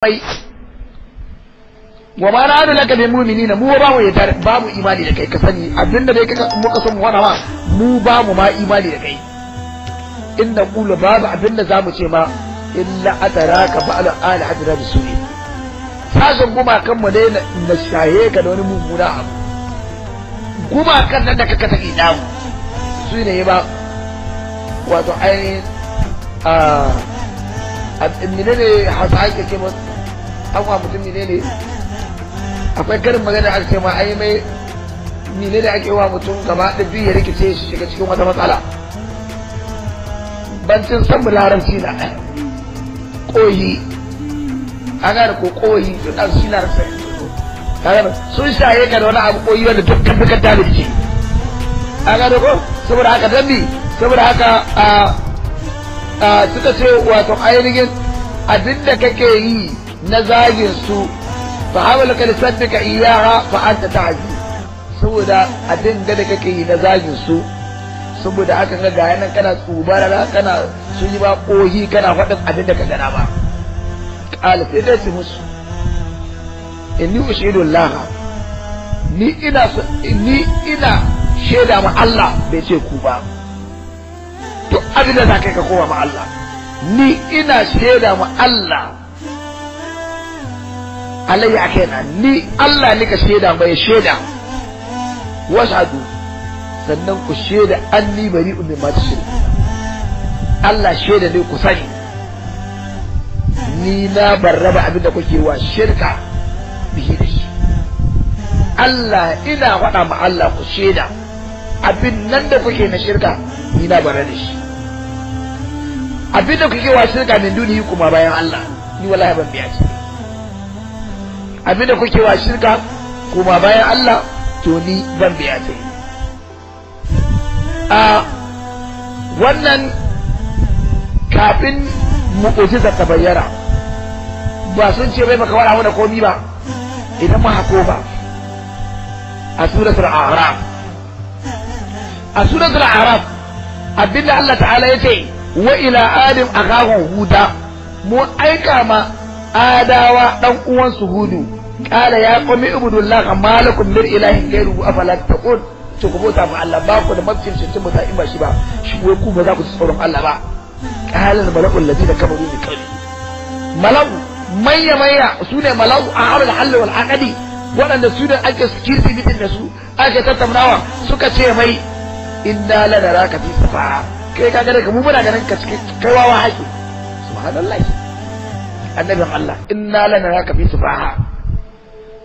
mai wa ma na'adu laka bil mu'minina mu ba mu yadda ba mu imani da kai ka sani abinda dai kaka muka san mu wada ma mu ba mu ma imani da kai inda qulu babu abinda zamu ce ma illa ataraka ala al hadra bisu'i sasan guma kan mu dai na shaye ka da wani mummuna abu guma kan nan da kaka saki mu su ne ba wato ainihin a ah, ne hasa ake ce masa wa mutum ne ne akwai karin magana a ce ma ai mai mine da ake wa mutum gaba da biyu ya rikice shi shiga cikin wata matsala bancin san mu larabci na koyi an gane ko koyi to dan shi larabci kaga sun shaye ka da wani abu koyi wanda dukkan dukkan rikice an gane ko saboda haka dambi saboda haka a ah, ah, suka ce wato ainihin abin da kake yi na zagin su fa hawala ka lisabbika iyaha fa anta ta'zi saboda abin da da kake yi na zagin su saboda aka ga ga nan kana tsubara kana su yi ba kohi kana faɗin abin da ka gana ba qala sai dai su musu inni ushidu Allah ni ina ni ina sheda ma Allah bai ce ku ba to abin da za ka koma ma Allah ni ina sheda ma Allah alayya kaina ni Allah ka shaida mai shaida washadu sannan ku shaida anni bari ummi ma ta Allah shaida ne ku sani ni na barraba abin da kuke wa shirka bihi da shi Allah ina faɗa ma Allah ku shaida abin nan da kuke na shirka ni na barra da shi abin da kuke wa shirka min duniya kuma bayan Allah ni wallahi ban biya shi abinda kuke wa shirka kuma bayan Allah to ni ban biya ta a wannan kafin mu'ujiza ta bayyana ba sun ce bai maka wara da komi ba idan ma hako ba a suratul a'raf a suratul a'raf abinda Allah ta'ala ya ce wa ila alim akahu huda mu aika ma adawa dan uwan su hudu qala ya qawmi ibudullah amma lakum min ilahin ghayruhu afala taqul to ku bauta ma Allah ba ku da mafikin cin bauta in ba shi ba shi wai ku ba za ku tsoron Allah ba qala malakul ladina kafaru bi qawli malaku manya manya sune malaku a arul halli wal aqdi waɗanda su ne ake security meeting da su ake tattaunawa suka ce mai inna lanaraka fi safa'a kai ka gare ka mu muna ganin ka cikin kaiwawa haƙi subhanallahi annabin Allah inna lanaraka fi safa'a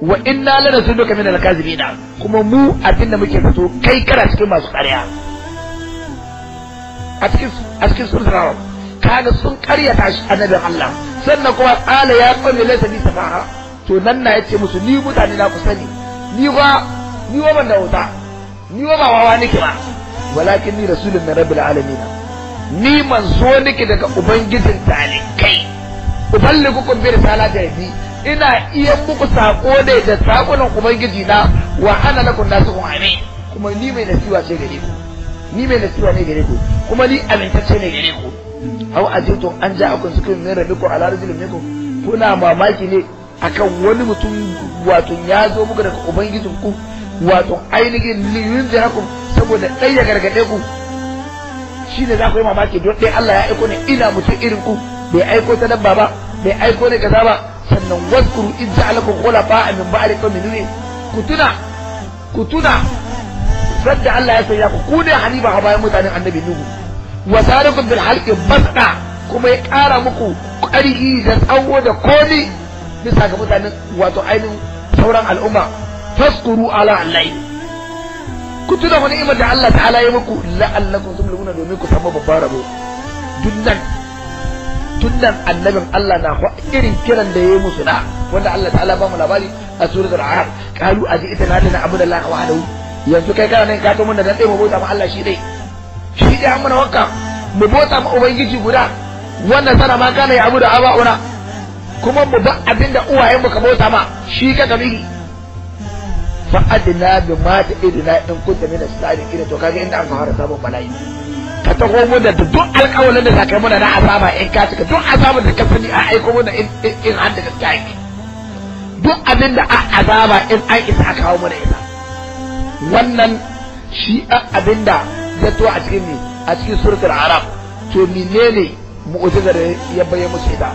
wa inna lana sunnuka min al-kazibina kuma mu abinda muke fito kai kana cikin masu ƙarya a cikin a cikin kaga sun karyata shi annabin Allah sannan kuma qala ya kwame laysa bi safaha to nan na yace musu ni mutane na ku sani ni ba ni ba ban da wuta ni ba wawa nake ba walakin ni rasulun min rabbil alamin ni manzo nake daga ubangijin talikai uballigukum bi risalati rabbi ina iya muku sako ne da sakonin ubangiji na wa ana lakum nasihun amin kuma ni mai nasiwa ce gare ku ni mai nasiwa ne gare ku kuma ni amintacce ne gare ku aw ajitum an ja'akum sukun min rabbikum ala rajulin minkum kuna mamaki ne akan wani mutum wato ya zo muku daga ubangijin ku wato ainihin liyun haku? saboda ɗaya ya gargaɗe ku shi ne za ku yi mamaki don ɗaya Allah ya aiko ne ina mutum irin ku bai aiko ta dabba ba bai aiko ne kaza ba sannan waskuru in za a ja'alakum khulafa'a min ba'di qaumin nuh ku tuna ku tuna sadda Allah ya sanya ku ku ne halifa a bayan mutanen annabi nuhu wa sarakum bil halqi basqa kuma ya ƙara muku ƙarfi da tsawo da koli bisa ga mutanen wato ainihin sauran al'umma faskuru ala allahi ku tuna wani ni'imar da Allah ta'ala ya muku la'allakum tumluna domin ku samu babbar rabo dunnan nan annabin Allah na irin kiran da yi musu na wanda Allah ta'ala ba mu labari a suratul arab abu da lana abudallahi wahdahu yanzu kai kana nan ka to mun da dan dai mu bota ma Allah shi dai shi dai amma wakka mu bota ma ubangiji guda wannan sana ma kana ya aba una kuma mu ba abinda uwayen mu ka bota ma shi ka gabi fa'adna bi ma ta'idna in kunta min as-sadiqin to kaga inda an fara sabon bala'i ka taho mana da duk alƙawalin da zakai mana na azaba in ka cika duk azabar da ka sani a aiko mana in in an da gaskiya yake duk abin da a azaba in an isa a kawo mana isa wannan shi abin da ya to a cikin ne a cikin suratul arab to menene mu'jiza da ya bayyana musu ita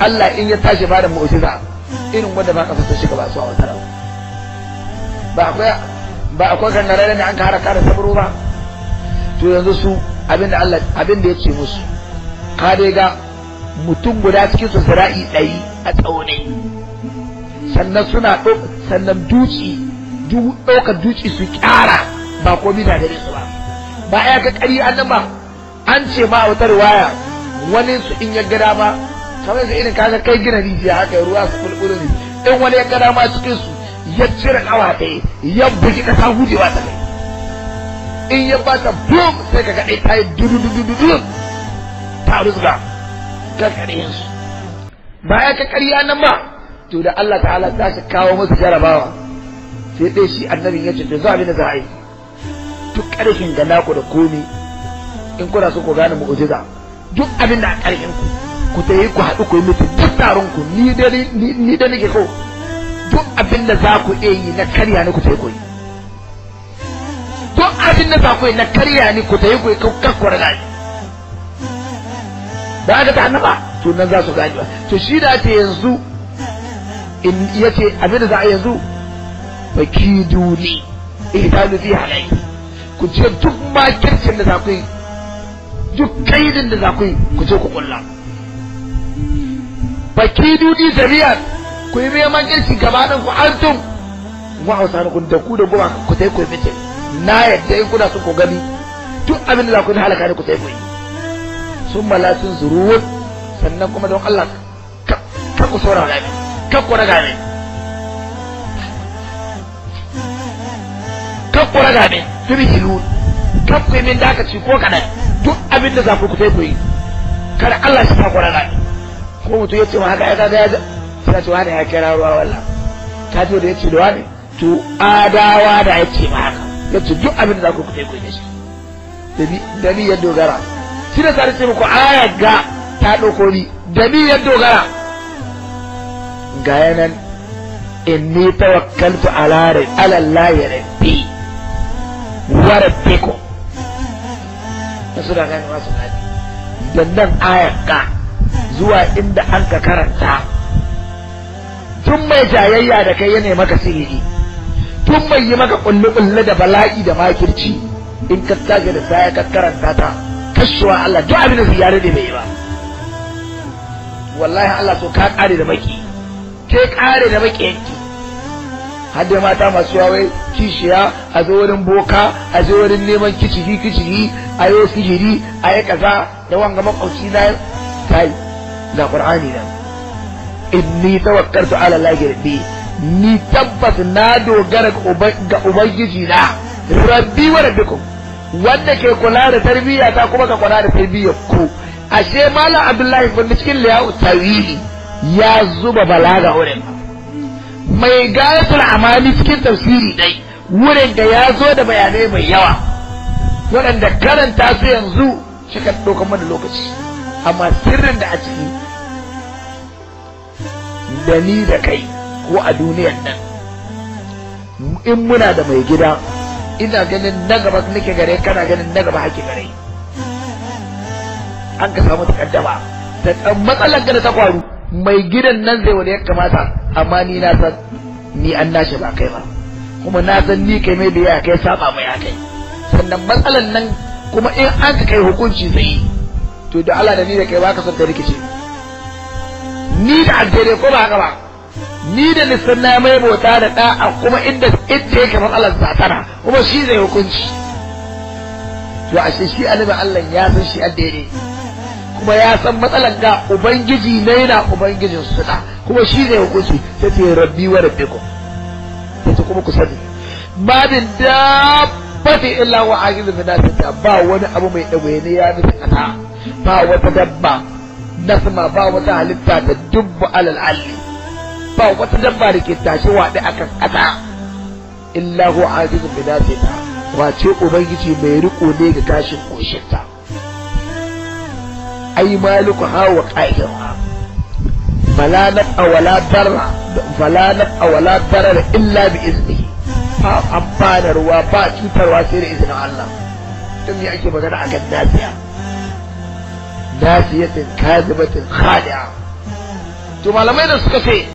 Allah in ya tashi bada mu'jiza irin wanda ba ka fata shi ba su a wata ba akwai ba akwai kan da an ka haraka da sabro ba to yanzu su abinda Allah abinda ya ce musu ka dai ga mutum guda cikin su zira'i dai a tsaune sannan suna dok sannan duci dokar duci su kyara ba komi da gare su ba ba ya ga ƙari annan ba an ce ma a wata riwaya wani su in ya gada ma kamar sai irin kaga kai gina rijiya haka ruwa su kulkulu ne in wani ya gada ma cikin su ya cire ƙawa ɗaya ya buji ƙasa hujewa ta kai in ya ba ta bum sai ka kaɗai ta yi dududududu ta ruzga ka kaɗai Ba baya ka ƙarya nan ba to da Allah ta'ala ta shi kawo musu jarabawa sai dai shi annabin ya ce to za a da za a yi duk ƙarfin da naku da komi in kuna so ku gane mu'jiza duk abin da a ƙarfin ku ku ta yi ku haɗu ku yi mutu duk taron ku ni da nake ko duk abin da za ku iya yi na karya ne ku ta yi ku yi duk abin da za ku na karya ne ku tayi ku yi da gani ba ga ta annaba to nan za su gani ba to shi da ta yanzu in ya ce abin da za a yanzu ba ki duni ihdalu fi halai ku ce duk makircin da za ku yi duk kaidin da za ku yi ku ce ku kulla ba ki duni jami'an ku yi neman kirki gabanin ku antum wa hausa ku da ku da goma ku tayi ku yi mitin na yadda in kuna son ku gani tun abin da za ku yi halaka ne ku sai ku yi sun mala sun zuruwar sannan kuma don Allah ka ku saurawa wani ka ku raga ne ka ku raga ne bi shiru ka ku yi min dakaci ko kaɗan duk abin da za ku sai ku yi kada Allah shi ta ku raga ne ko mutum ya ce ma haka ya kaga ya sai ce wani ya kira ruwa wallah ta ce da ya ce da wani to adawa da ya ce ma haka na ce duk abin da za ku kuɗe ku shi da ni ya dogara shi da sare ce muku aya ga ta ɗauko ni da ni ya dogara ga yanan inni tawakkaltu ala ala la ya rabbi wa rabbikum suna gani masu gani da nan aya ga zuwa inda an ka karanta tun mai jayayya da kai ya nemi ka sihiri tun mai yi maka ƙulle-ƙulle da bala'i da makirci in ka tage da saya ka karanta ta kashewa Allah duk abin da su yare ne bai yi ba wallahi Allah so ka kare da maki ke kare da maki yanki har da mata masu yawai kishiya a zo wurin boka a zo wurin neman kiciki-kiciki a yi sihiri a yi kaza da wanga makwauci na kai na qur'ani na inni tawakkaltu ala allahi ni tabbas na dogara ga ubangiji na rabbi wa rabbikum wanda ke kula da tarbiyya ta kuma ka kula da tarbiyyar ku ashe malam abdullahi bin cikin liyawu tawili ya zuba balaga wurin mai gayatul amali cikin tafsiri dai wurin da ya zo da bayanai mai yawa waɗanda karanta su yanzu suka ɗaukar mana lokaci amma sirrin da a ciki da ni da kai ko a duniyar nan in muna da mai gida ina ganin na gaba nake gare kana ganin na gaba hake gare an ka samu takaddama ta matsalar gada ta kwaru mai gidan nan zai wani ya kamata amma ni na san ni an nashi ba kai ba kuma na san ni kai mai da ya kai saba mai ya kai sannan matsalar nan kuma in an ka kai hukunci zai yi to da Allah da ni da kai ba ka son ka rikice ni da addare ko ba haka ba ni da nisan na mai bota da da'a kuma inda inda yake matsalar satana kuma shi zai hukunci to ashe shi alimin Allah ya san shi ne. kuma ya san matsalar da ubangiji na yana ubangijin suna kuma shi zai hukunci sai ce rabbi wa rabbikum sai kuma ku sani ma bin dabbati illa wa ajizu bi nasita ba wani abu mai ne ya nufi kasa ba wata dabba nasma ba wata halitta da dubbu alal alli ba wata dabba da ke tashi waɗe a kan ƙasa illa ta wace ubangiji mai riko ne ga kashin koshin ta ai maliku hawa fala fala illa bi amfanarwa ba cutarwa sai da izinin Allah tun me ake magana akan nasiya nasiyatin kazibatin khadi'a to malamai da suka ce